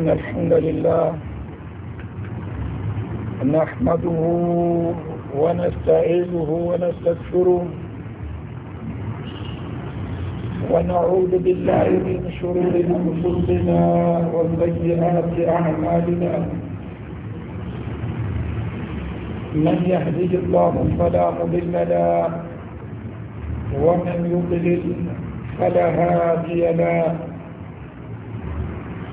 إن الحمد لله نحمده ونستعيذه ونستغفره ونعوذ بالله من شرور أنفسنا وسيئات أعمالنا من يهده الله فلا مضل له ومن يضلل فلا هادي له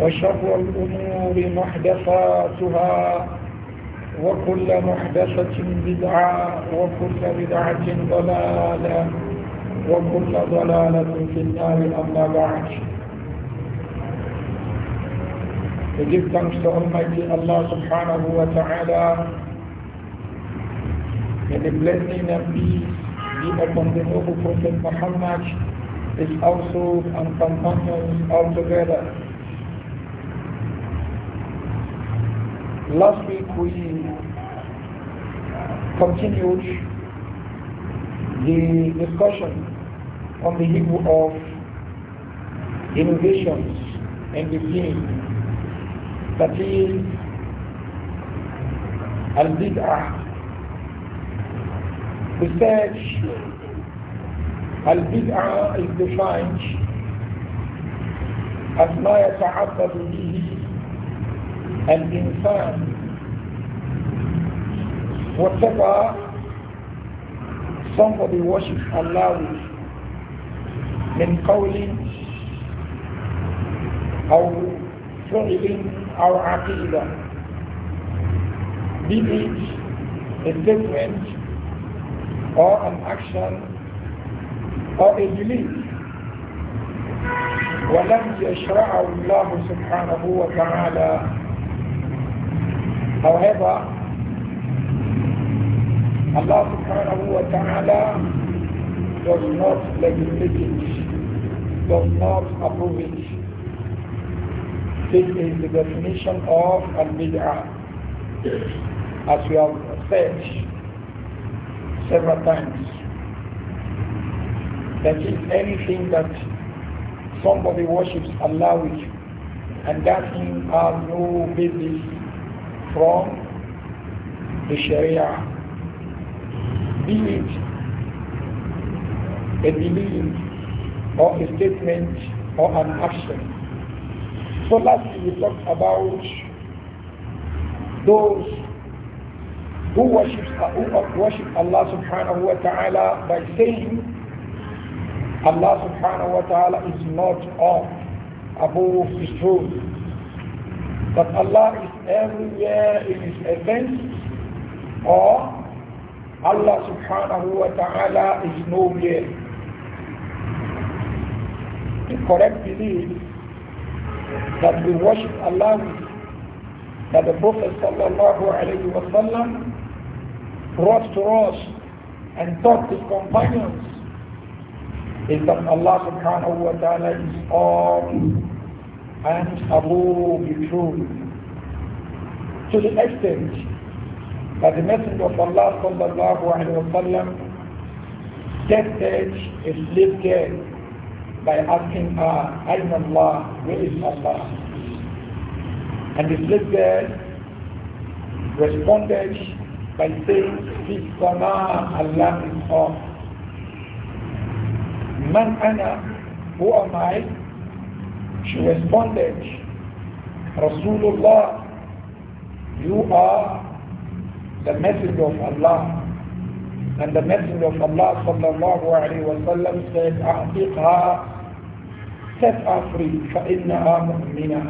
وشر الأمور محدثاتها وكل محدثة بدعة وكل بدعة ضلالة وكل ضلالة في النار أما بعد We give thanks to Almighty Allah subhanahu wa ta'ala. May the blessing and peace be upon the Prophet Muhammad, and companions altogether. Last week we continued the discussion on the issue of innovations in the deen. That is al-bid'ah. We said al-bid'ah is defined as ما يتعبد به الإنسان whatever somebody worships Allah with من قول أو فعل أو عقيدة be it a statement or an action or a belief ولم يَشْرَعُ الله سبحانه وتعالى However, Allah subhanahu wa ta'ala does not legislate it, does not approve it. This is the definition of al-bid'ah. As we have said several times, that is anything that somebody worships Allah with, and that thing has no business from the Sharia. a belief or a statement or an action. So lastly, we talked about those who worship, worship Allah subhanahu wa ta'ala by saying Allah subhanahu wa ta'ala is not of above his throne. But Allah everywhere in his events or Allah subhanahu wa ta'ala is nowhere. The correct belief that we worship Allah that the Prophet sallallahu alayhi wa sallam brought to us and taught his companions is that Allah subhanahu wa ta'ala is all and above the truth to the extent that the Messenger of Allah sallallahu alayhi wa sallam tested a slave girl by asking her, Ayn Allah, where is Allah? And the slave girl responded by saying, Fi sama Allah is off. Man ana, who am I? She responded, Rasulullah you are the messenger of Allah. And the messenger of Allah sallallahu alayhi wa sallam said, أعطيقها set her free فإنها مؤمنة.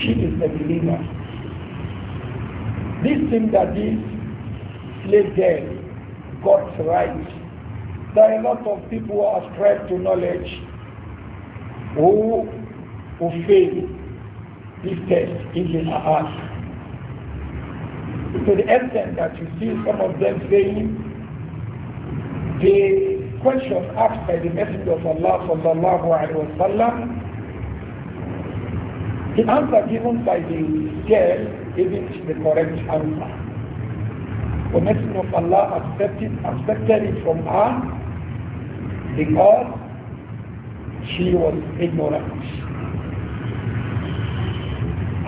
She is the believer. This thing that this slave girl got right. There are a lot of people who are spread to knowledge who, who fail this test if her are to the extent that you see some of them saying the question asked by the Messenger of Allah sallallahu wa wasallam, the answer given by the girl isn't the correct answer. The Messenger of Allah accepted, accepted it from her because she was ignorant.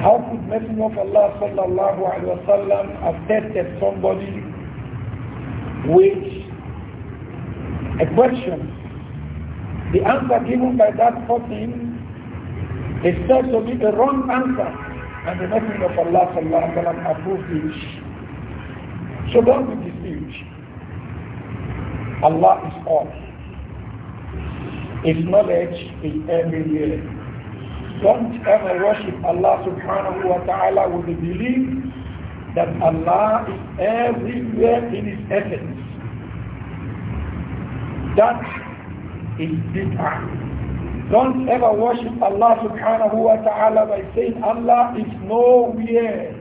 How could Messenger of Allah sallallahu alaihi wasallam have tested somebody with a question? The answer given by that person is said to be the wrong answer, and the Messenger of Allah sallallahu alaihi wasallam approved it. So don't be deceived. Allah is all. His knowledge is everywhere. Don't ever worship Allah subhanahu wa ta'ala with the belief that Allah is everywhere in His essence. That is bid'ah. Don't ever worship Allah subhanahu wa ta'ala by saying Allah is nowhere.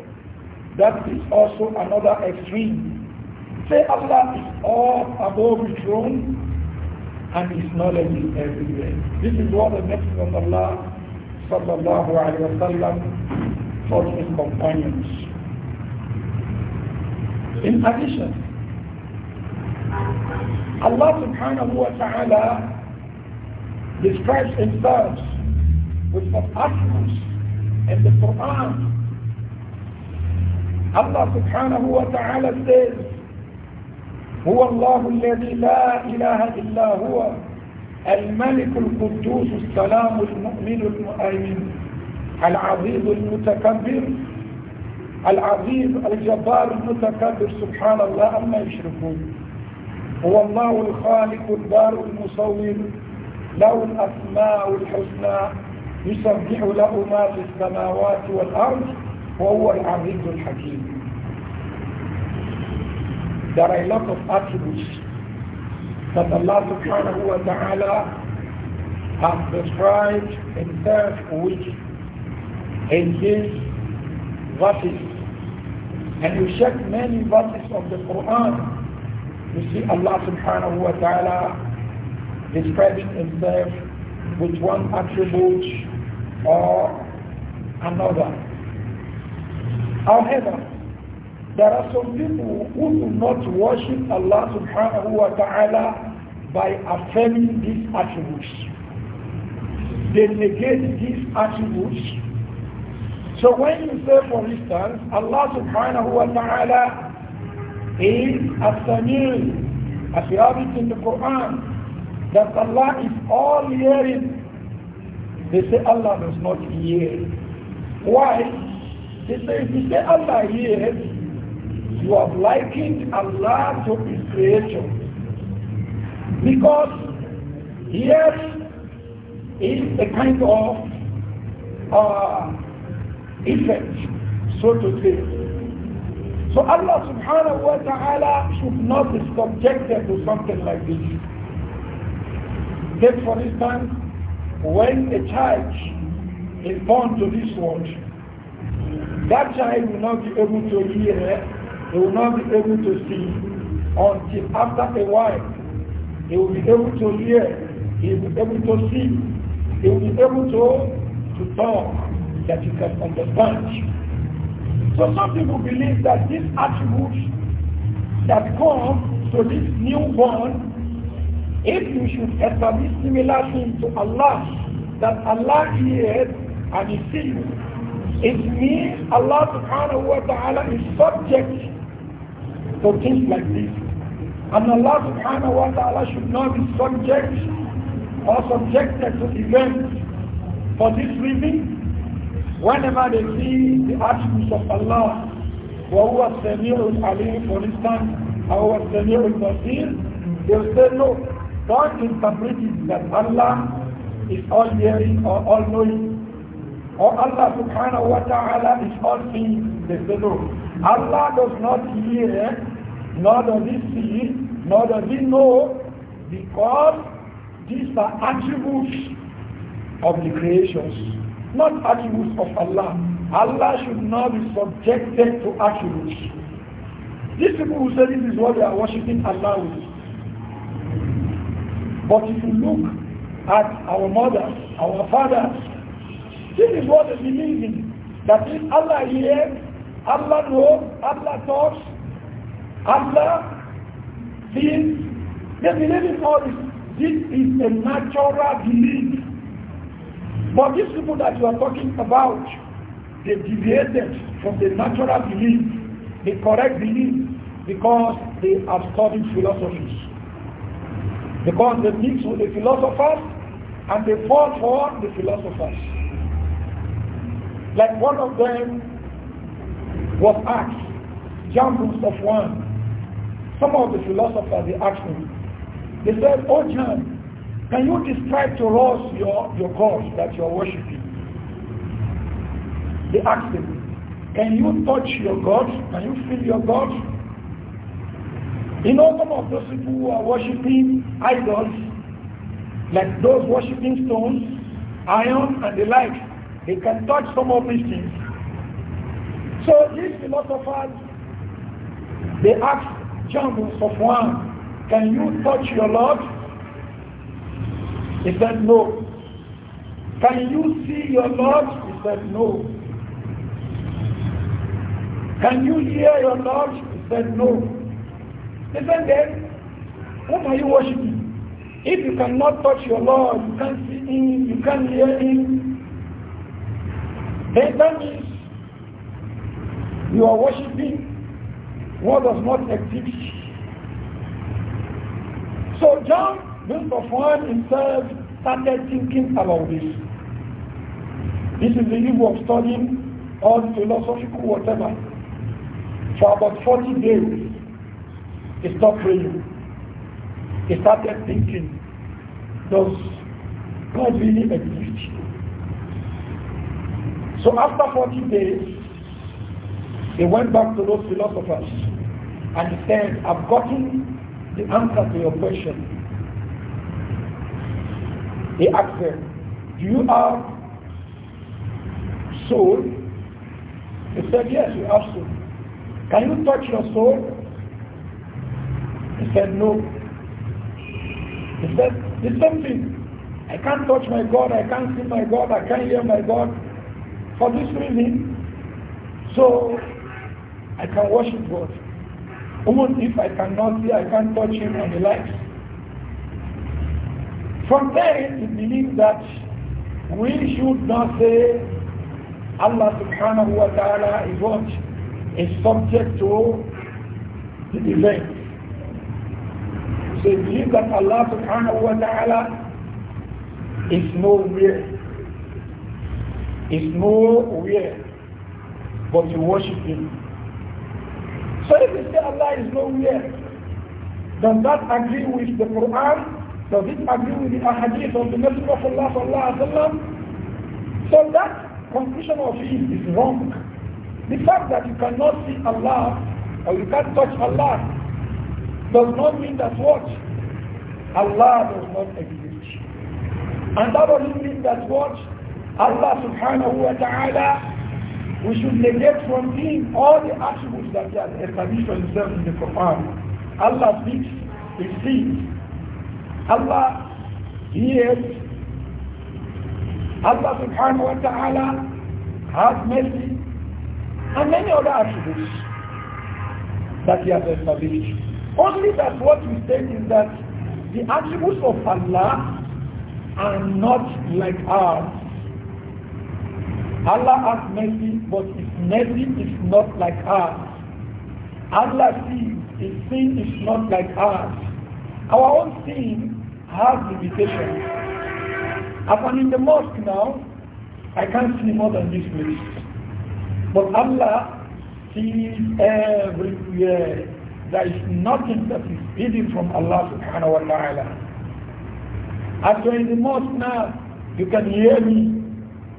That is also another extreme. Say Allah is all above his throne and His knowledge is everywhere. This is what the message of Allah sallallahu alayhi wa sallam for his companions. In addition, Allah subhanahu wa ta'ala describes himself with the attributes in the Quran. Allah subhanahu wa ta'ala says, هو الله الذي لا إله إلا هو الملك القدوس السلام المؤمن المؤمن العظيم المتكبر العظيم الجبار المتكبر سبحان الله أما يشركون هو الله الخالق البار المصور له الأسماء الحسنى يسبح له ما في السماوات والأرض وهو العزيز الحكيم There are a lot of attributes that Allah subhanahu wa ta'ala has described himself with in his verses. And you check many verses of the Quran, you see Allah subhanahu wa ta'ala describing himself with one attribute or another. However, there are some people who do not worship Allah subhanahu wa ta'ala by affirming these attributes. They negate these attributes. So when you say, for instance, Allah subhanahu wa ta'ala is as-samir, as we have it in the Quran, that Allah is all hearing. They say Allah does not hear. Why? They say, if you say Allah hears, you have likened Allah to his creation. Because here is a kind of uh, effect, so to say. So Allah subhanahu wa ta'ala should not be subjected to something like this. Take for instance, when a child is born to this world, that child will not be able to hear he will not be able to see until after a while. He will be able to hear. He will be able to see. He will be able to, to talk that you can understand. So some people believe that these attributes that come to this newborn, if you should establish similar things to Allah, that Allah hears and he sees, it means Allah subhanahu wa ta'ala is subject for things like this. And Allah subhanahu wa ta'ala should not be subject or subjected to events for this reason. Whenever they see the attributes of Allah, وَهُوَ السَّمِيعُ Ali, for instance, أَوَ السَّمِيعُ الْبَصِيرُ they'll say no, don't interpret it that Allah is all-hearing or all-knowing or Allah subhanahu wa ta'ala is all seeing. They say no. Allah does not hear nor does he see, nor does he know, because these are attributes of the creations, not attributes of Allah. Allah should not be subjected to attributes. These people who say this is what they are worshipping Allah with. But if you look at our mothers, our fathers, this is what they believe in. That if Allah hears, Allah knows, Allah talks, after this, the believe in this. This is a natural belief. But these people that you are talking about, they deviated from the natural belief, the correct belief, because they have studied philosophies. Because they mix with the philosophers and they fall for the philosophers. Like one of them was asked, Jambus of one, some of the philosophers, they asked me, they said, oh John, can you describe to us your, your gods that you are worshipping? They asked him, can you touch your God? Can you feel your God? You know some of those people who are worshipping idols, like those worshipping stones, iron and the like, they can touch some of these things. So these philosophers, they asked of one. can you touch your Lord? He said, no. Can you see your Lord? He said, no. Can you hear your Lord? He said, no. He said, then, whom are you worshiping? If you cannot touch your Lord, you can't see him, you can't hear him, then that means you are worshiping what does not exist. So John Mister. Safwan himself started thinking about this. This is the evil of studying all philosophical whatever for about 40 days. He stopped praying. He started thinking, does God really exist? So after 40 days, he went back to those philosophers and he said, I've gotten the answer to your question. He asked him, Do you have soul? He said, Yes, you have soul. Can you touch your soul? He said, No. He said, The same thing. I can't touch my God, I can't see my God, I can't hear my God. For this reason, so I can worship God. Even if I cannot see, I can't touch him and the likes. From there, we believe that we should not say Allah subhanahu wa ta'ala is what is subject to the event. So believe that Allah subhanahu wa ta'ala is nowhere. Is nowhere but you worship Him. So if you say Allah is nowhere, does that agree with the Quran? Does it agree with the Ahadith of the Messenger of Allah sallallahu alaihi wasallam? So that conclusion of his is wrong. The fact that you cannot see Allah or you can't touch Allah does not mean that what? Allah does not exist. And that doesn't mean that what? Allah subhanahu wa ta'ala we should negate from him all the attributes that he has established for himself in the Quran. Allah speaks, he sees. Allah hears. Allah subhanahu wa ta'ala has mercy. And many other attributes that he has established. Only that what we say is that the attributes of Allah are not like ours. Allah has mercy, but His mercy is not like ours. Allah sees, His sin is not like ours. Our own sin has limitations. As I'm in the mosque now, I can't see more than this place. But Allah sees everywhere. There is nothing that is hidden from Allah subhanahu wa ta'ala. As you're in the mosque now, you can hear me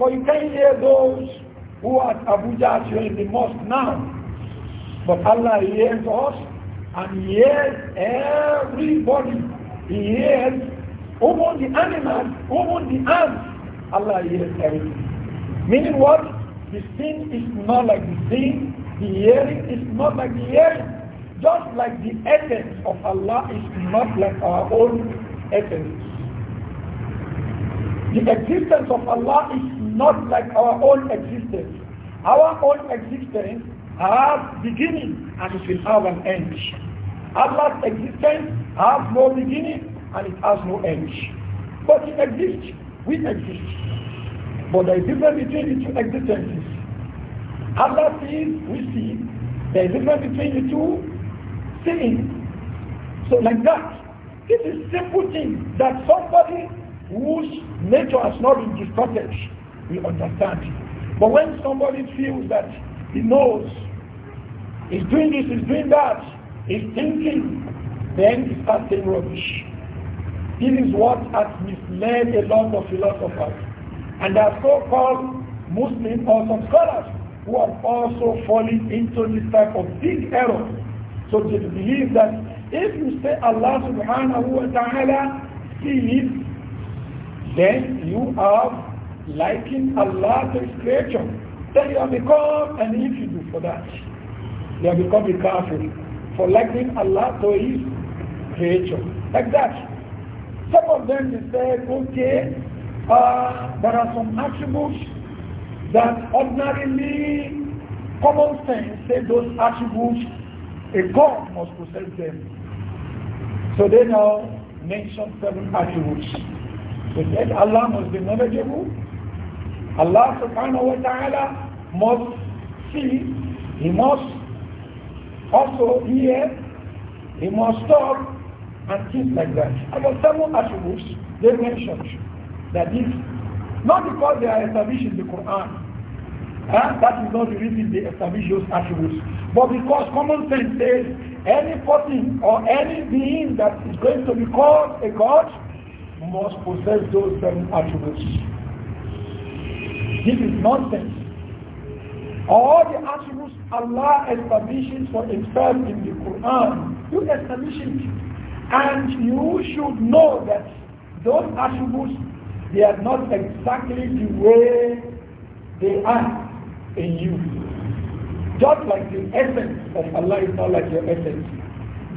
but you can't hear those who are at Abuja actually the mosque now. But Allah hears us and he hears everybody. He hears even the animals, even the ants. Allah hears everything. Meaning what? The sin is not like the sin. The hearing is not like the hearing. Just like the essence of Allah is not like our own essence. The existence of Allah is not like our own existence. Our own existence has beginning and it will have an end. Allah's existence has no beginning and it has no end. But it exists. We exist. But there is difference between the two existences. Allah sees, we see. There is difference between the two seeing. So like that, it is simple thing that somebody whose nature has not been distorted we understand. But when somebody feels that he knows, he's doing this, he's doing that, he's thinking, then he starts saying rubbish. This is what has misled a lot of philosophers. And there are so-called Muslim or some scholars who are also falling into this type of big error. So they believe that if you say Allah subhanahu wa ta'ala sees, then you have liking Allah to his creature. Then you have become an infidel for that. You have become a kafir for liking Allah to his creature. Like that. Some of them they say, okay, uh, there are some attributes that ordinarily common sense say those attributes a God must possess them. So they now mention seven attributes. They said Allah must be knowledgeable, Allah subhanahu wa ta'ala must see, he must also hear, he must talk, and things like that. About seven attributes they mentioned that this, not because they are established in the Quran, that is not the reason they establish those attributes, but because common sense says any person or any being that is going to be called a God must possess those seven attributes. This is nonsense. All the attributes Allah establishes for himself in the Quran, you establish it. And you should know that those attributes, they are not exactly the way they are in you. Just like the essence of Allah is not like your essence.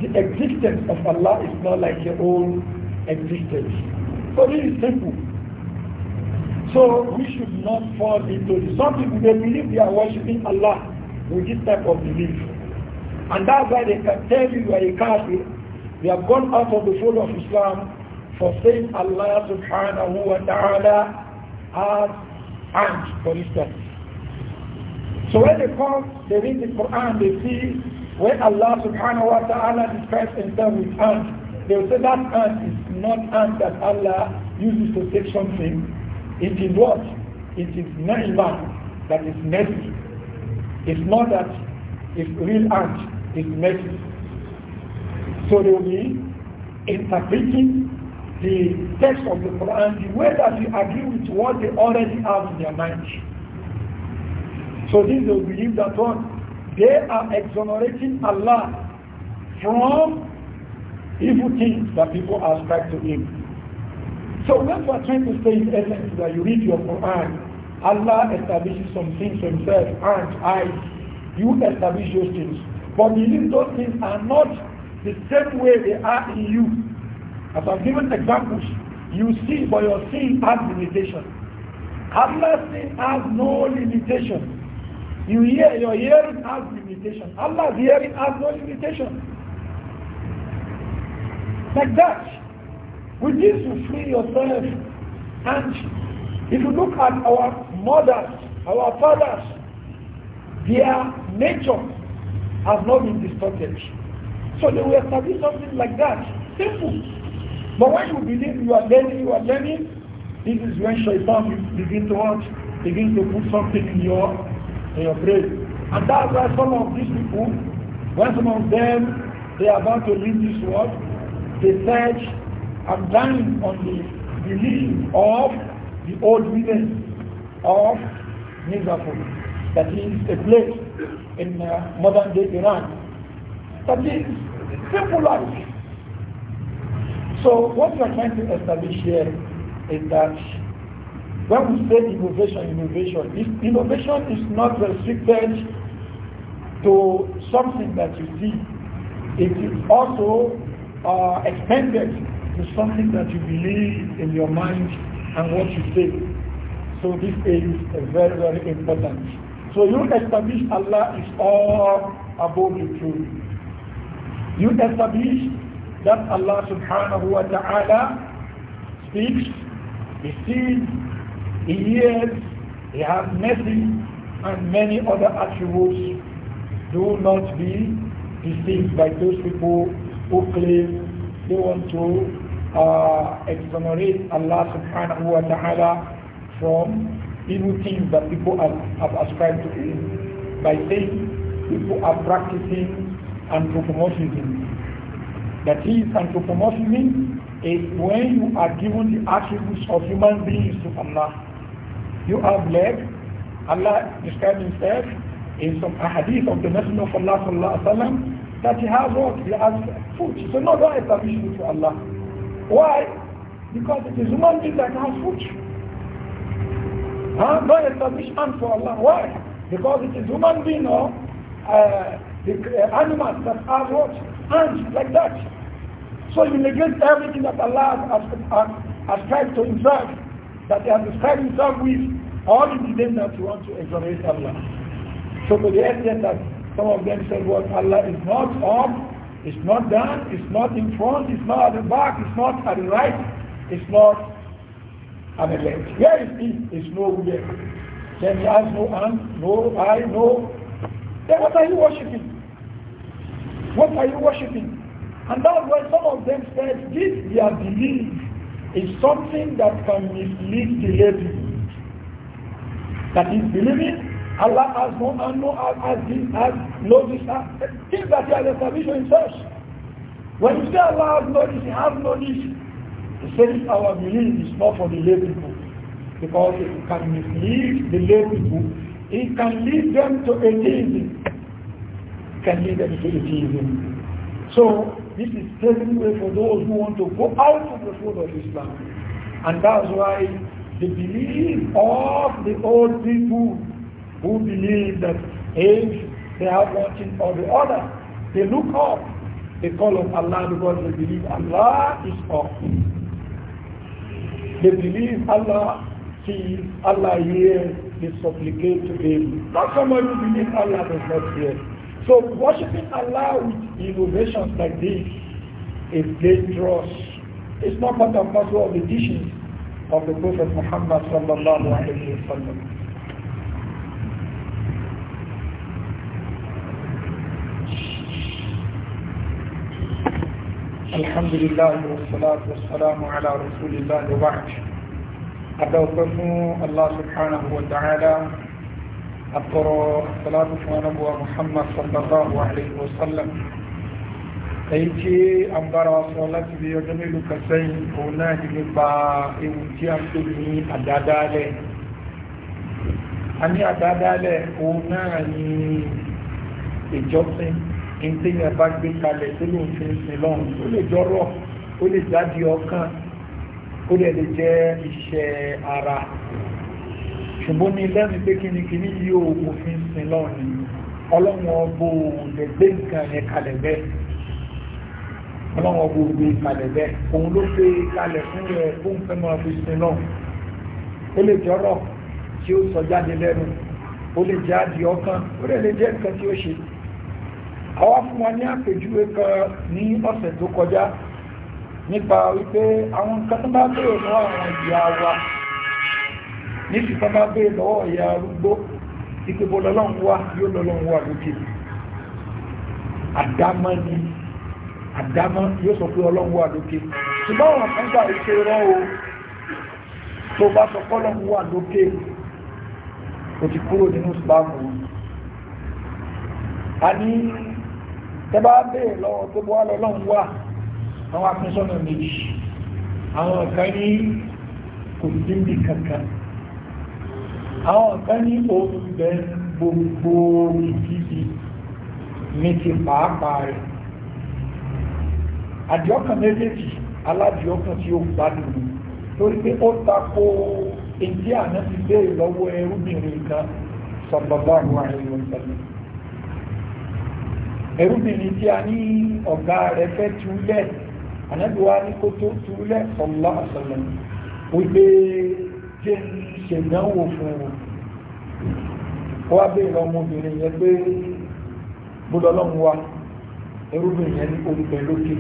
The existence of Allah is not like your own existence. So this is simple. So we should not fall into this. Some people they believe they are worshiping Allah with this type of belief. And that's why they can tell you you are a kafir. They have gone out of the fold of Islam for saying Allah subhanahu wa ta'ala has hands, for instance. So when they come, they read the Quran, they see where Allah subhanahu wa ta'ala describes himself with hands. They will say that hand is not hand that Allah uses to take something it is what? It is na'ila that is messy. It's not that it's real art, it's messy. So they will be interpreting the text of the Quran the way that we agree with what they already have in their mind. So these will believe that what? They are exonerating Allah from evil things that people ascribe to him. So what we are trying to say in essence that you read your Quran, Allah establishes some things for himself, and I, you establish those things. But believe those things are not the same way they are in you. As I've given examples, you see, but your sin has limitation. Allah's sin has no limitation. You hear, your hearing has limitation. Allah's hearing has no limitation. Like that. With this you free yourself. And if you look at our mothers, our fathers, their nature has not been distorted. So they will establish something like that. Simple. But when you believe you are learning, you are learning, this is when shaitan begin to want, begin to put something in your in your brain. And that's why some of these people, when some of them they are about to leave this world, they search I'm dying on the belief of the old women of Nizafur. That is a place in uh, modern day Iran. That is simple life. So what we are trying to establish here is that when we say innovation, innovation, innovation is not restricted to something that you see. It is also uh, expanded it's something that you believe in your mind and what you say. So this is very, very important. So you establish Allah is all above the truth. You establish that Allah subhanahu wa ta'ala speaks, He sees, He hears, He has mercy, and many other attributes. Do not be deceived by those people who claim they want to uh, exonerate Allah subhanahu wa ta'ala from evil things that people have, have ascribed to him by saying people are practicing anthropomorphism. That is, anthropomorphism is when you are given the attributes of human beings to Allah. You have led Allah described himself in some hadith of the Messenger of Allah sallallahu alaihi wasallam that he has what? He has food. So no, don't establish to Allah. Why? Because it is human being that has food. Huh? No not for Allah. Why? Because it is human being or uh, the uh, animals that are what? Ants like that. So you negate everything that Allah has, has, tried to himself, that he has described himself with, all in the name that you want to exonerate Allah. So to the extent that some of them said what Allah is not of, it's not down, it's not in front, it's not at the back, it's not at the right, it's not at the left. Where is it? It's nowhere. Then he has no hand, no eye, no. Then what are you worshipping? What are you worshipping? And that's why some of them said this their belief is something that can mislead the lay That is believing Allah has no and as has this, has no this, things that he has established for himself. When you say Allah has knowledge, this, he has no he says our belief is not for the lay people. Because if can mislead the lay people, it can lead them to atheism. It can lead them to atheism. So this is taking for those who want to go out of the fold of Islam. And that's why the belief of the old people who believe that age, they are watching or the other. They look up. They call on Allah because they believe Allah is up. They believe Allah sees, Allah hears, they supplicate to Him. Not someone who believes Allah does not hear. So worshipping Allah with innovations like this is dangerous. It's not part of the teachings of the Prophet Muhammad sallallahu alayhi wa sallam. الحمد لله والصلاة والسلام على رسول الله وبعد أدوكم الله سبحانه وتعالى أطر الصلاة ونبوة محمد صلى الله عليه وسلم أيتي أمبر صلاة بيجميل كسين هناك نبا إمتي أكتبني أدادالي أني أدادالي هناك ìjọsìn ìtẹ̀yìn bá gbé kalẹ̀ tó lóun fi ń sin lọ́run ó lè jọrọ̀ ó lè jáde ọkàn ó lè lè jẹ́ iṣẹ́ ara ṣùgbọ́n ní lẹ́nu pé kínníkínní yìí ó mo fi ń sin lọ́run ọlọ́wọ́n bò lè gbé nǹkan yẹn kalẹ̀ bẹ́ẹ̀ ọlọ́wọ́n bò gbé kalẹ̀ bẹ́ẹ̀ òun ló gbé kalẹ̀ fún rẹ̀ fún fẹ́ máa fi sin lọ́run ó lè jọrọ̀ tí ó sọ jáde lẹ́nu ó lè jáde ọkàn ó lè lè jẹ́ nǹkan tí ó ṣe àwọn fún wa ní àpèjúwe kan ní ọ̀sẹ̀ tó kọjá nípa wípé àwọn nǹkan tó bá bèèrè lọ́wọ́ àwọn ìyá wa ní sì tó bá bèèrè lọ́wọ́ ìyá arúgbó ìgbébó lọ́lọ́run wá yóò lọ́lọ́run wá lókè àdámọ́ ni àdámọ́ yóò sọ pé ọlọ́run wà lókè ṣùgbọ́n àwọn kan a ní tẹ́bá bèèrè lọ́wọ́ tó bọ́ lọ́lọ́run wà àwọn akínsọ́nà méjì àwọn kan ní kò dínbì kankan àwọn kan ní ohun bẹ gbogbo ìdíbi ní ti pàápàá rẹ̀ àdìọ́kàn méjèèjì aládìọ́kàn tí ó gbádùn ní torí pé ó tako èdè àná ti bèèrè lọ́wọ́ ẹrúbìnrin kan sọ̀bọ̀bọ̀ àwọn àìyàn ìgbàlódé ẹrúbìnrin tí a ní ọ̀gá rẹ̀ fẹ́ túlẹ̀ ànábìwá ní kó tó túlẹ̀ sọ̀lá ọ̀sọ̀lẹ̀ wípé jẹ́ ṣèdánwò fún un ó wá bèèrè ọmọbìnrin yẹn pé gbọ́dọ̀ ọlọ́run wa ẹrúbìnrin yẹn ní olùgbẹ̀ lókè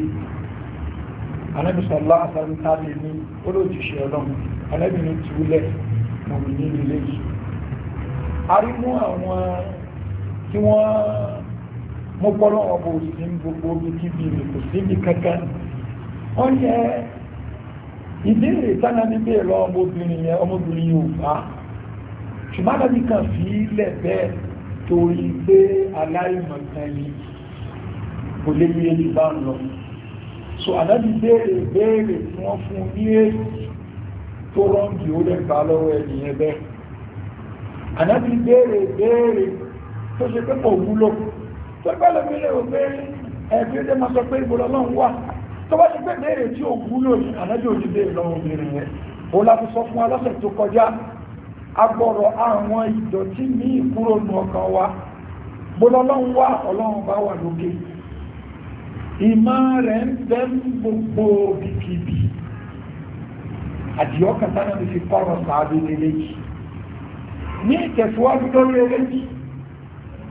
anábìsọ̀lá àtàrí ní olóòjìṣẹ́ ọlọ́run anábìnrin túlẹ̀ mọ̀mí ní ilé yìí a rí mú àwọn tí wọ́n mo gbọ́dọ̀ ọ̀bọ̀ òsì ní gbogbo omi kíbi mi kò síbi kankan wọ́n yẹ ìbéèrè sáná ní bẹ́ẹ̀ lọ ọmọbìnrin yẹn ọmọbìnrin yóò bá ṣùgbọ́n àbábí kan fi ilẹ̀ bẹ́ẹ̀ torí pé aláìmọ̀kan yìí kò lè ní ẹni bá ń lọ so àdájú béèrè béèrè tí wọ́n fún ní èyí tó rọ́ǹdì ó lè gbà lọ́wọ́ ẹnìyẹn bẹ́ẹ̀ àdájú béèrè béèrè tó ṣe pé kò wúlò tọ́gbẹ́lẹ̀ mi lè rò pé ẹ̀bí ó dé máa sọ pé ìbòlọ́ lọ́n wà tó bá ti pé béèrè tí ó wúlò ní ànájò òní béèrè lọ́wọ́ obìnrin yẹn ó láti sọ fún wa lọ́sẹ̀ tó kọjá agbọ́rọ̀ àwọn ìdọ̀tí ní ìkúrò nù ọkàn wa bòlọ́ lọ́n wà ọlọ́run bá wà lókè ìmọ̀ rẹ̀ ń bẹ́ gbogbo bìkìbì àdìọ́kàn tánà ti fi kọ́rọ̀ sáà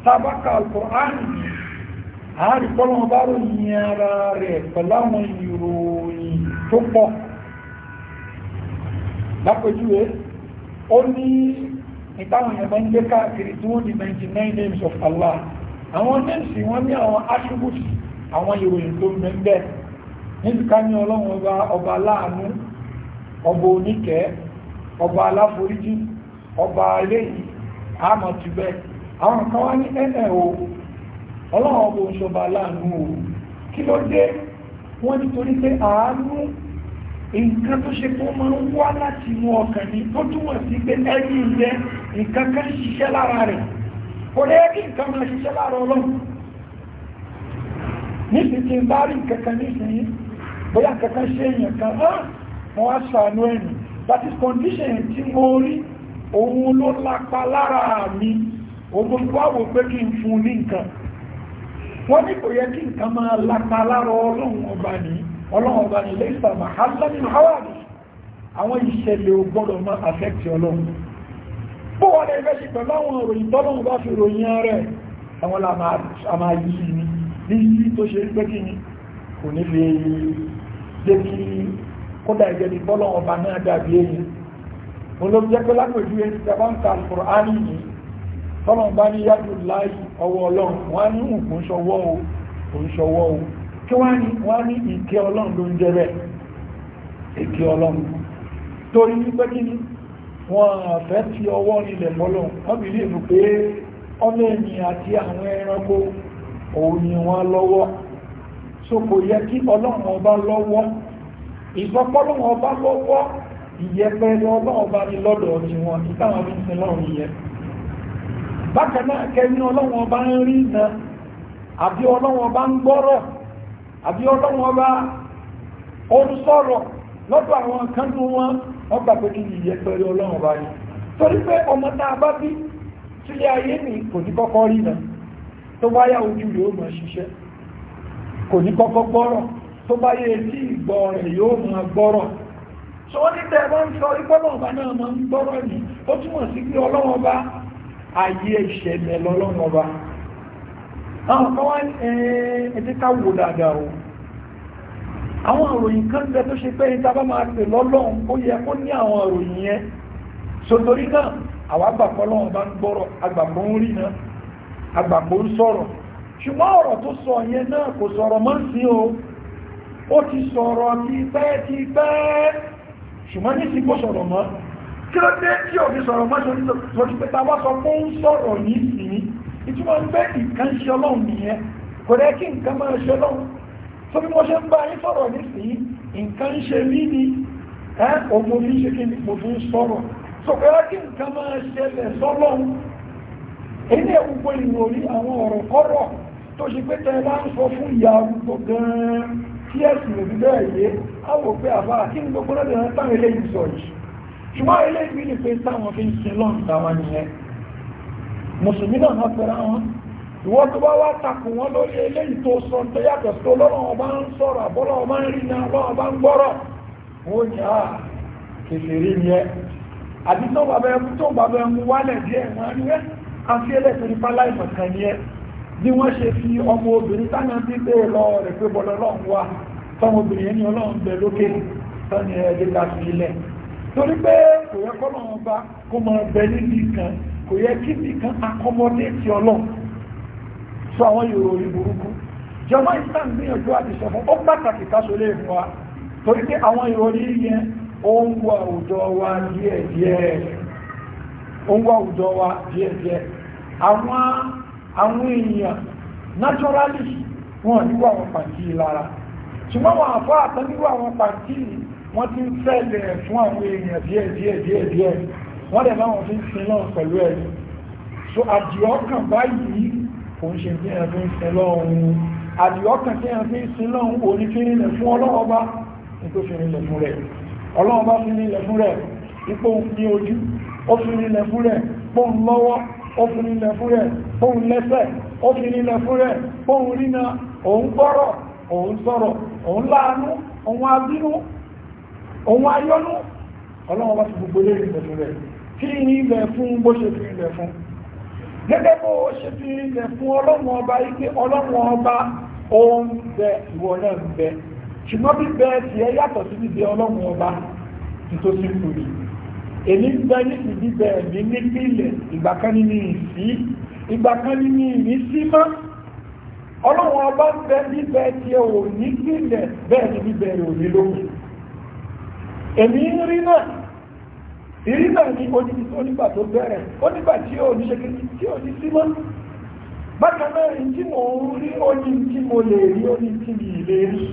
tábákà alkùnrin àárí pọ́lọ́wọ́ bá rò ní ara rẹ̀ pẹ̀láwọn ìròyìn tó pọ̀ lápẹjúwé ó ní ìtàwọn ẹ̀mọ́ ń di 99 names of Allah àwọn names wọ́n ní àwọn attributes àwọn ìròyìn tó mẹ́gbẹ́ nítorí ní ọlọ́run ọba ọba láàánú ọba oníkẹ́ ọba aláforíjì ọba eléyìí àmọ̀túbẹ́ẹ̀ àwọn kan wá ní ẹ̀ẹ̀ o ọlọ́run ọbọ̀ òṣọba láàánú o kí ló dé wọ́n nítorí pé àánú nǹkan tó ṣe kó máa ń wá láti inú ọkàn ní tó túmọ̀ sí pé ẹni ilẹ̀ nǹkan kan ṣiṣẹ́ lára rẹ̀ kò lè kí nǹkan máa ṣiṣẹ́ lára ọlọ́run nísìnyí bá rí nǹkan kan nísìnyí bóyá nǹkan kan ṣe èèyàn kan á wọ́n á ṣàánú ẹ̀yìn that is condition tí mo rí òun ló lápá lára mi òun tó wáwò pé kí n fún ní nǹkan wọ́n ní kò yẹ kí nǹkan máa lápa lára ọlọ́run ọba ní ọlọ́run ọba ní lẹ́sà mahala ní hawaii àwọn ìṣẹ̀lẹ̀ ò gbọ́dọ̀ máa affect ọlọ́run bó wọ́n lè fẹ́ sí pẹ̀lú àwọn òròyìn tọ́lọ́run bá fi ròyìn rẹ̀ àwọn làmà yìí ni ní yìí tó ṣe pé kí ni kò ní fi dé kí kódà ìjẹ́ ní bọ́lọ́run ọba náà dàbí èyí olóòjẹ́ pé lápẹ̀jú ẹni tẹ́bá ń ka alukọ̀rọ̀ á nìyí tọ́lọ̀n bá ní yàtò láì ọwọ́ ọlọ́run wọ́n ní nǹkan ṣọwọ́ o òṣọwọ́ o kí wọ́n ní wọ́n ní ìkẹ́ ọlọ́run ló ń jẹ́ bẹ́ẹ̀ ìkẹ́ ọlọ́run torí wípé kí ni wọ́n fẹ́ ti ọwọ́ nílẹ̀ mọ́lọ́run wọ́n bí lè rò pé ọmọ ènìyàn àti àwọn ẹranko ni wọ́n lọ́wọ́ so lọ́wọ́ ìsọpọ́lọ́run ní lọ́dọ̀ ọ̀tí wọn ìtàwọn fi ń bákan náà kẹni ọlọ́wọ́n bá ń rí iná àbí ọlọ́wọ́n bá ń gbọ́rọ̀ àbí ọlọ́wọ́n bá ń sọ̀rọ̀ lọ́dọ̀ àwọn kan tó wọn ọgbà pé kí yìí ẹgbẹ̀rẹ̀ ọlọ́wọ́n bá ní torí pé ọmọ náà bá bí sílé ayé ní kò ní kọ́kọ́ rí iná tó bá yá ojú rẹ̀ mọ̀ ṣiṣẹ́ kò ní kọ́kọ́ gbọ́rọ̀ tó bá yẹ etí ìgbọ́ rẹ̀ yóò mọ̀ so ó ní tẹ́ ẹ bá ń sọ ipọ́lọ́wọ́n bá náà mọ̀ ń gbọ́rọ̀ ní ó túmọ̀ sí pé ayé ìṣẹ̀lẹ̀ lọ́lọ́run ọba àwọn kan wá ẹ̀ẹ́dẹ́ ká wò dáadáa o àwọn àròyìn kan bẹ tó ṣe pé ìta bá máa pè lọ́lọ́run ó yẹ kó ní àwọn àròyìn yẹn sotori náà àwọn agbàpọ̀ lọ́wọ́ bá ń gbọ́rọ̀ agbàpọ̀ ń rí náà agbàpọ̀ ń sọ̀rọ̀ ṣùgbọ́n ọ̀rọ̀ tó sọ yẹn náà kò sọ̀rọ̀ mọ́ sí o ó ti sọ̀rọ̀ ti pẹ́ ti pẹ́ ṣùgbọ́n ní sí kó sọ̀rọ̀ mọ́ kí ló dé tí òbí sọ̀rọ̀ mọ́ṣọ́ lórí pé tàbá sọ pé ń sọ̀rọ̀ ní ìsinmi ìtumọ̀ ń bẹ́ nǹkan ṣe ọlọ́run nìyẹn kò rẹ́ kí nǹkan máa ṣe ọlọ́run tó bí mo ṣe ń bá yín sọ̀rọ̀ ní ìsinmi nǹkan ṣe mí ni ẹ́ òun fi ń ṣe kí mo fi ń sọ̀rọ̀ so kò rẹ́ kí nǹkan máa ṣẹlẹ̀ sọ́lọ́run èyí ni gbogbo ìròrí àwọn ọ̀rọ̀ kọ́rọ̀ tó ṣe pé tẹ́ bá ń sọ fún ìyá arúgbó gan-an tí ẹ̀sìn òbí bẹ́ẹ̀ yé á wò pé àbá kí ni gbogbo náà tàn eléyìí sọ yìí ṣùgbọ́n ilé ìbí ni pé táwọn fi ń ṣe lọ́n táwọn nìyẹn mùsùlùmí náà náà pẹ̀lú àwọn ìwọ́n tó bá wá takò wọn lórí eléyìí tó sọ tó yàtọ̀ sí ọlọ́run ọba ń sọ̀rọ̀ àbọ́lọ́ ọba ń rìnà ọlọ́run ọba ń gbọ́rọ̀ ó ní à ah, kèfèrí ni ẹ àbí tó bàbá ẹmu tó bàbá ẹmu wálẹ̀ díẹ̀ wọn ni ẹ eh, àfi ẹlẹ́sìn nípa láìmọ̀ kan ni ẹ bí wọ́n ṣe fi ọmọ obìnrin táwọn ni ọlọ́run bẹ lókè tọ́ni ẹ̀ẹ́dẹ́gbàsí ilẹ̀ torí pé kò yẹ kọ́ lọ́wọ́ bá kó mọ bẹ níbi kan kò yẹ kí nìkan akọmọdéètì ọlọ́run sọ àwọn burúkú islam gbìyànjú àti sọ pàtàkì káṣọ lè fún a torí pé àwọn ìròyìn yẹn ó ń wọ wa ó ń wa àwọn àwọn èèyàn naturally wọn àwọn pàǹtí lára ṣùgbọ́n wọ́n ti ń tẹ́lẹ̀ fún àwọn èèyàn díẹ̀ díẹ̀ díẹ̀ díẹ̀ wọ́n dẹ̀ láwọn fi ń sin náà pẹ̀lú ẹ̀ so àdìọ́kàn báyìí kò ń ṣe bí ẹ̀ fi ń sin lọ́run àdìọ́kàn tí ẹ̀ fi ń sin lọ́run òní fi rinlẹ̀ fún ọlọ́wọ́ bá ní tó fi rinlẹ̀ fún rẹ̀ ọlọ́wọ́ bá fi rinlẹ̀ fún rẹ̀ ipò ní ojú ó fi rinlẹ̀ fún rẹ̀ pọ́n lọ́wọ́ ó fi rinlẹ̀ fún rẹ̀ pọ́n lẹ́sẹ̀ ó fi rinlẹ̀ fún rẹ̀ pọ́n rínà òun gbọ́rọ̀ òun sọ̀rọ̀ òun láàánú òun abínú òun ayọ́nú ọlọ́wọ́ bá ti gbogbo lérí pẹ̀lú rẹ̀ kí ní ilẹ̀ fún bó ṣe fi ilẹ̀ fún gẹ́gẹ́ bó ṣe fi ilẹ̀ fún ọlọ́wọ́ ọba ike ọlọ́wọ́ ọba òun bẹ ìwọ náà ń bẹ ṣùgbọ́n bí bẹ ti ẹ yàtọ̀ sí bíbẹ ọlọ́wọ́ ọba nítòsí kùrì èmi ń bẹ ní ìdí bẹ mi ní pílẹ̀ ìgbà kan ní ìsí ìgbà kan ní ìrísí mọ́ ọlọ́wọ́ ọba ń bẹ bíbẹ ti ẹ ò ní pílẹ̀ bẹ́ẹ̀ ni bíbẹ ò ní lóhùn èmi ń rí náà ìrí náà ní oníbi tó nígbà tó bẹ̀rẹ̀ ó nígbà tí ó ní ṣekí tí ó ní sí mọ́ bákan náà ní tí mo ń rí ó ní tí mo lè rí ó ní tí mi lè rí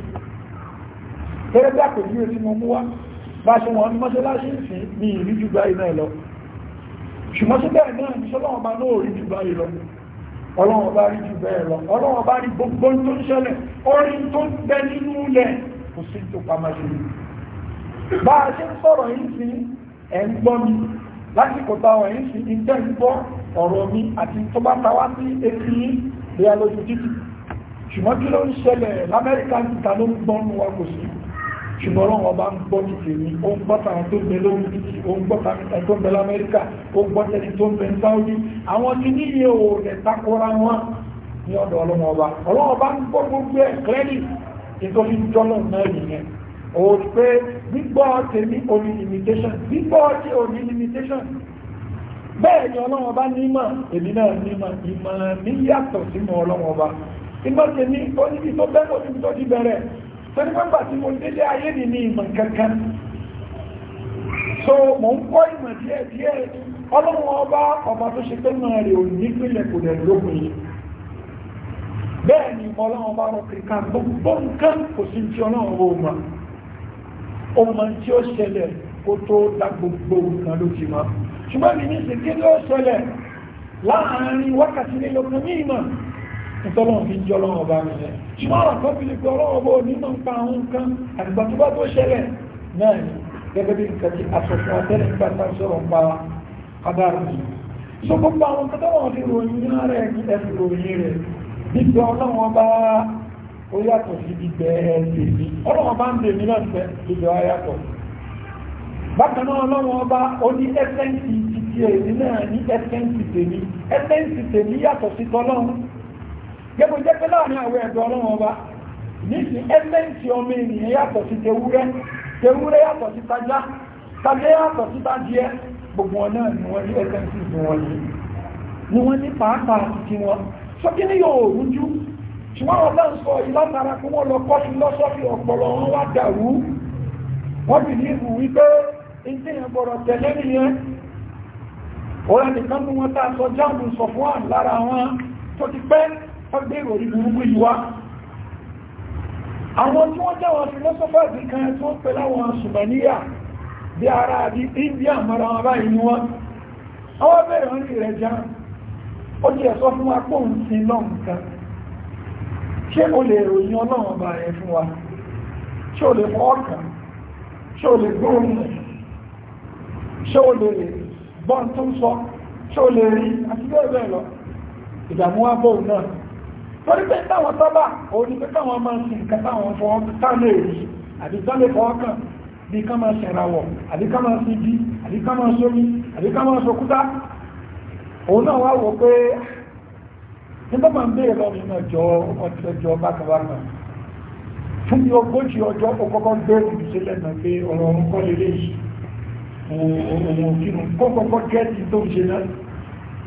gẹ́gẹ́ bí àpèjúwe tí mo mú wá bá ṣe wọn ní mọ́ṣáláṣí ìsìn ní ìrí jù báyìí náà lọ ṣùgbọ́n ṣe bẹ́ẹ̀ náà ní ṣọ́lọ́wọ́n bá náà rí jù báyìí lọ ọlọ́wọ́n bá rí jù bẹ́ẹ̀ lọ ọlọ́wọ́n bá rí gbogbo tó ń ṣẹlẹ̀ orin tó ń bẹ nínú ilẹ̀ kò sí tó pamọ́ sí i bá a ṣe ń sọ̀rọ̀ yìí sí ẹ̀ ń gbọ́ mi lásìkò táwọn yìí sí ìjẹ́ ń gbọ́ ọ̀rọ̀ mi àti tó bá ta wá sí etí ní alójú títì ṣùgbọ́n kí ló ń ṣẹlẹ̀ lamẹ́ríkà níta ló ń gbọ́nu wa kò sí ṣùgbọ́n ọ̀rọ̀ wọn bá ń gbọ́ ní tèmi ó ń gbọ́ta tó ń bẹ lórí títì ó ń gbọ́ta tó ń bẹ lamẹ́ríkà ó ń gbọ́ta tó ń bẹ ní sáwọ́dí àwọn ti níye ò rẹ̀ takora wọn ní ọ̀dọ̀ ọlọ́wọ́n ọba ọlọ́wọ́n bá ń gbọ́ gbogbo ẹ̀ òun pé gbígbọ́ tèmi omi limitation gbígbọ́ tí omi limitation bẹ́ẹ̀ ni ọlọ́wọ́ bá nímọ̀ èmi náà nímọ̀ ìmọ̀ mi yàtọ̀ sínú ọlọ́wọ́ bá ìmọ̀ tèmi ó níbi tó bẹ́ẹ̀ òní tó ti bẹ̀rẹ̀ torí pé pàtí mo dédé ayé ni ní ìmọ̀ kankan so mo ń kọ́ ìmọ̀ díẹ̀ díẹ̀ ọlọ́wọ́ bá ọba tó ṣe pé mọ̀ rẹ̀ ò ní pínlẹ̀ kò dẹ̀ lópin yìí bẹ́ẹ̀ ni ọlọ́wọ́ bá rọ kìrìkà gbogbo nǹkan kò sí ti ọlọ́wọ́ bó o mọ tí ó ṣẹlẹ̀ kó tó dá gbogbo nǹkan ló ti mọ́ ṣùgbọ́n mi ní sì kí ló ṣẹlẹ̀ láàárín wákàtí nílò kan ní ìmọ̀ ìtọ́lọ́wọ́n fi ń jọ lọ́wọ́ bá mi rẹ̀ ṣùgbọ́n ọ̀rọ̀ kan fi lè gbọ́ ọlọ́wọ́ bó ní mọ̀ ń pa àwọn nǹkan àgbà tó bá tó ṣẹlẹ̀ náà ni gẹ́gẹ́ bí nǹkan tí aṣọ fún nígbà tá a sọ̀rọ̀ ń pa adára mi so gbogbo àwọn nǹkan tó wọ́n fi ròyìn rẹ̀ ní ẹ̀sìn ròyìn rẹ̀ nígbà ọlọ́wọ́ bá ó yàtọ̀ sí gbígbẹ́ tèmi ọlọ́wọ́n bá ń tèmi náà fẹ́ gbígbẹ́ wa yàtọ̀ bákan náà ọlọ́wọ́n bá ó ní ẹ́sẹ́ǹsì títí èmi náà ní ẹ́sẹ́ǹsì tèmi ẹ́sẹ́ǹsì tèmi yàtọ̀ sí tọ́lọ́run gbogbo jẹ́ pé láàrin àwọn ẹ̀dọ́ ọlọ́wọ́n bá nísìn ẹ́sẹ́ǹsì ọmọ ènìyàn yàtọ̀ sí tewúrẹ́ tewúrẹ́ yàtọ̀ sí tajá tajá yàtọ̀ sí tajẹ́ gbogbo náà ni wọ́n ní ẹ́sẹ́ǹsì tí wọ́n ni wọ́n ní pàápàá ṣùgbọ́n wọn náà sọ ìlànà kí wọ́n lọ kọ́ fílọ́sọ́fì ọ̀pọ̀lọ wọn wá dàrú wọ́n bì ní ìlú wípé ìdíyàn gbọ́dọ̀ tẹ̀lé nìyẹn òun ẹnìkan ní wọn tá a sọ jáàmù sọ fún wa lára wọn tó ti pẹ́ wọ́n gbé burúkú yìí àwọn tí wọ́n jáwọn fílọ́sọ́fà bí kan tí wọ́n pè láwọn sùmẹ́níyà bí ara àbí India mara wọn báyìí ni wọ́n àwọn bẹ̀rẹ̀ wọn rí rẹ̀ já ó ti ẹ̀sọ́ fún wa sí lọ́nkan ṣé o lè ròyìn ọlọ́run bá rẹ̀ fún wa ṣé o lè fọ́ ọ̀kàn ṣé o lè gbóhùn ṣé o lè bọ́n tó ń sọ ṣé o lè rí àti bẹ́ẹ̀ lọ ìdààmú wa náà torí pé táwọn sábà òun ni pé káwọn máa ń sin nǹkan fọ́ tálẹ̀ rí àbí tálẹ̀ fọ́ ọ̀kàn bí ká máa ṣẹ̀ràwọ̀ àbí ká máa sí bí àbí ká máa sómi àbí ká máa sọkúta òun náà wá wọ pé nígbà máa ń béèrè lọ́nà iná jọ ọjọ́ bákàbákà fún bí ogójì ọjọ́ kọ́kọ́ gbé ìdíje lẹ́nà pé ọ̀rọ̀ ọ̀run kọ́ lè léyìí òun òkìrùn kọ́kọ́kọ́ gẹ́ẹ̀tì tó ń ṣe náà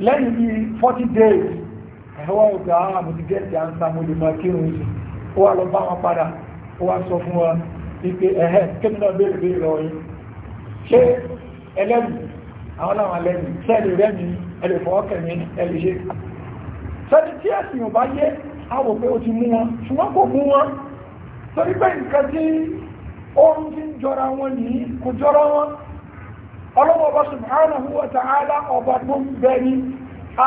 lẹ́yìn bí 40 days ẹ̀wọ́ ọ̀gá àmúti gẹ́ẹ̀tì àǹsà mo lè máa kírun sí ó wà lọ bá wọn padà ó wá sọ fún wa wípé ẹ̀hẹ́ kémi náà béèrè béèrè lọ yìí ṣé ẹlẹ́mì àwọn làwọn ẹlẹ́mì sẹ́ẹ̀lì rẹ́mi ẹlẹ́fọ́ ọkẹ̀mí ẹlẹ́ṣẹ́ sẹ́ni tí ẹ̀sìn ò bá yé àwọ̀ pé ó ti mú wọn ṣùgbọ́n kò mú wọn torí pé nǹkan tí oorun ti ń jọra wọn nìyí kò jọra wọn ọlọ́wọ́ ọba subhanahu wa ta'ala ọba tó ń bẹ ní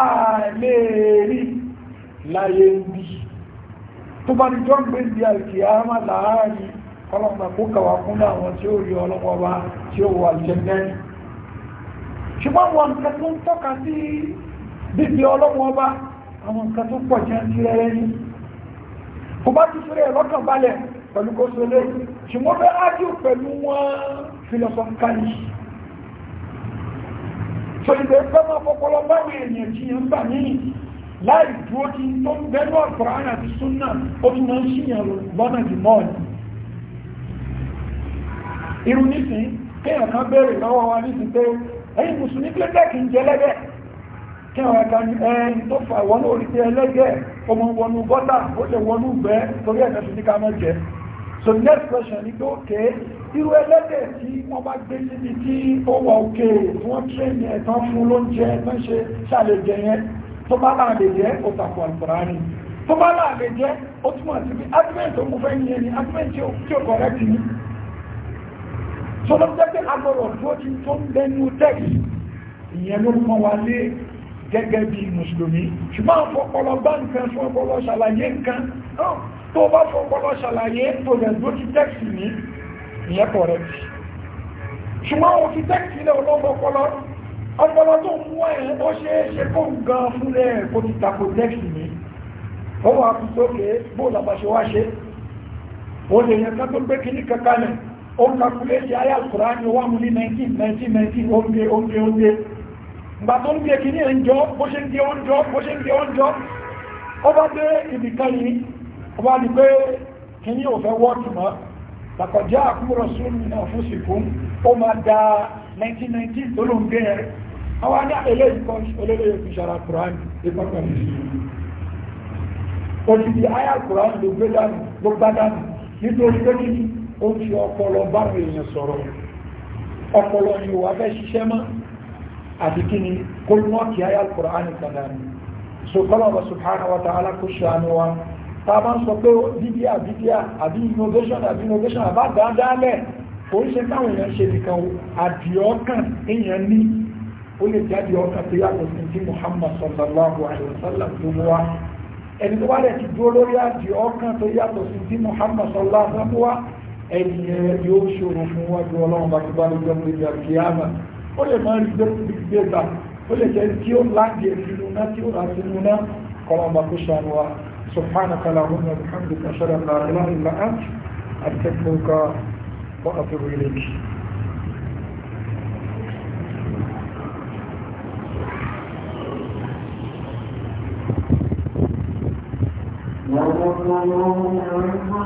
àlèrí láyé ń bí tó bá ní jọ́ ń gbé ìdí alkiyama láàárín ọlọ́pàá kó kàwà fún àwọn tí ó rí ọlọ́pàá àwọn nǹkan tó pọ̀ jẹ́ ti rẹ̀ ní kò bá ti fúrẹ́ lọ́kàn balẹ̀ pẹ̀lú kó so lé ṣì mo fẹ́ ájú pẹ̀lú wọn philosophically so ìgbẹ́ fẹ́ máa fọpọlọ báwọn èèyàn tí ń bà ní láì dúró tí tó ń bẹ́nu Al-Qur'an àti súnà ó tún máa kí àwọn ẹ̀ka ní ẹni tó fà wọ́n ní orí tí ẹlẹ́gẹ̀ẹ́ ọmọ wọnú gọ́tà ó lè wọnú gbẹ́ torí ẹ̀ka sí ní ká mọ́ jẹ́ so next question ni pé òkè irú ẹlẹ́gẹ̀ẹ́ tí wọ́n bá gbé síbi tí ó wà òkè tí wọ́n tírẹ̀nì ẹ̀tàn fún lóúnjẹ tó ń ṣe ṣàlẹ̀jẹ̀ yẹn tó bá náà lè jẹ́ ó tako àlùkùránì tó bá náà lè jẹ́ ó túmọ̀ sí pé argument òun fẹ́ yẹn ni argument tí ó correct ni so ló ń jẹ́ pé agbọ̀rọ̀ tó ti tó ń bẹnu text ìyẹn ló mọ wa lé gẹ́gẹ́ bí mùsùlùmí ṣùgbọ́n fọpọlọ bá nǹkan fọpọlọ ṣàlàyé nǹkan tó bá fọpọlọ ṣàlàyé tó rẹ̀ ló ti tẹ́kì ní ìyẹn kọ̀rẹ́tì ṣùgbọ́n o fi tẹ́kì ní ọlọ́pọpọlọ ọpọlọ tó ń mú ẹ̀ ó ṣe é ṣe kó nǹkan fúnlẹ̀ kó ti tako tẹ́kì ní ó wà fi sókè bóòlù àbàṣe wá ṣe ó lè yẹn ká tó gbé kíní kankanlẹ̀ ó ń kakulé ṣe ayé àkùrá ni wọ́n mú ní 19 19 19 ó ń gbé ó ń gbé ó ń gbé gbà tó ń gbé kìí ẹ̀njọ́ bó ṣe ń gbé oúnjọ́ bó ṣe ń gbé oúnjọ́ ó bá dé ibìkan yìí ó bá ní pé kìí ò fẹ́ wọ́ọ̀tì mọ́ làkọjá àkúrọ̀ súnmìnà fún sìkún ó máa da 1919 tó ló ń gbé ẹ̀ àwọn ní àlẹ́ ìkọ́ olóòlò ìṣàrà kùránì ìpapọ̀ òtìdí ayá kùránì ló gbé dànù ló gbá dànù nítorí pé kí ó fi ọpọlọ báwọn èèyàn sọ̀rọ̀ ọpọlọ ni ò wá fẹ́ ṣiṣẹ́ mọ́ àti kí ni kó mọ́ kí ayé alukur'ani kàdá ni so kọ́lọ̀ ọba subhanahu wa ta'ala kó ṣàánú wa tá a bá ń sọ pé bíbíà bíbíà àbí innovation àbí innovation àbá dáadáa lẹ̀ kò ń ṣe táwọn èèyàn ṣe nìkan àdìọ́kàn èèyàn ní ó lè jáde ọkàn tó yàtọ̀ sí ti Muhammad sallallahu Alaihi wa sallam tó mú wa ẹni tó bá lè ti dúró lórí àdìọ́kàn tó yàtọ̀ sí ti Muhammad sallallahu alayhi wa sallam tó mú wa ẹni yóò ṣòro fún wájú ọlọ́run bá ti bá lójú ọmọ ìgbà kíyàmà ó lè máa rí gbé gbé gbà ó lè jẹ́ tí ó láàgé sínú náà tí ó rà sínú náà kọlọmọ kó ṣàánú wa subhanaka allahumma wa bihamdika ashhadu an la ilaha illa anta astaghfiruka wa atubu ilayk وَاللَّهُ